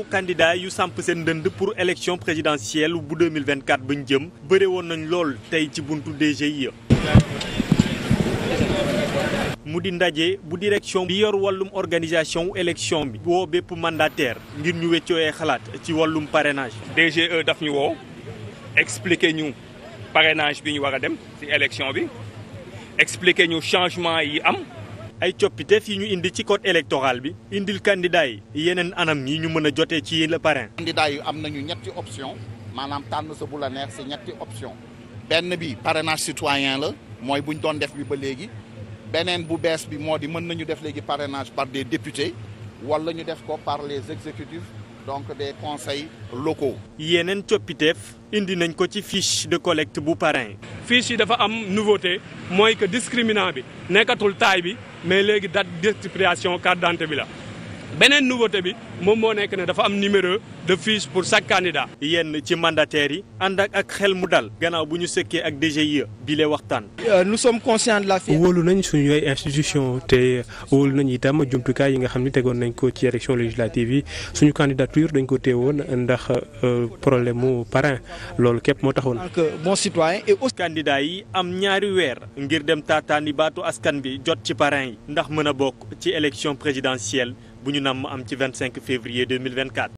bépp candidat yu samp seen ndënd pour élection présidentielle bu 2024 bañ jëm bëre woon nañ lool tey ci buntu DGI. mu di ndaje bu direction bi yor wàllum organisation wu bi woo bépp mandataire ngir ñu wéccooyee xalaat ci wàllum parrainage. DGE daf ñu woo expliquer ñu parenage bi ñu war a dem ci élection bi expliquer ñu changement yi am. ay coppiteef yi ñu indi ci code électoral bi indil candidat yi yeneen anam yi ñu mën a jotee ci la parrain. candidat yi am nañu ñetti option maanaam tànn sa bu la neex si ñetti option benn bi parrainage citoyen la mooy bu ñu doon def bi ba léegi beneen bu bees bi moo di mën nañu def léegi parrainage par des député wala ñu def ko par les exécutifs. donc des conseils locaux. yeneen coppiteef indi nañ ko ci fiche de collecte bu parrain. fiche yi dafa am nouveauté mooy que discriminant bi nekkatul taille bi mais léegi date d'expiration carte d'identité bi la. beneen nouveauté bi moom moo nekk ne dafa am numéro de fiche pour chaque candidat. yenn ci mandataires yi ànd ak ak xel mu dal gannaaw bu ñu sëkkee ak DGIE yi lee waxtaan. Euh, nous sommes conscients de la fi. wóolu nañ suñu yooyu institution te wóolu nañ itam jumtukaay yi nga xam ni tegoon nañ ko ci élection législative yi suñu candidature dañ ko teewoon ndax euh, problème mu parrain loolu képp moo taxoon. bon citoyen et aussi. candidat yi am ñaari weer ngir dem taataani baatu askan bi jot ci parrain ndax mën a bokk ci élection présidentielle. bu ñu namm am ci vingt cinq février deux mille vingt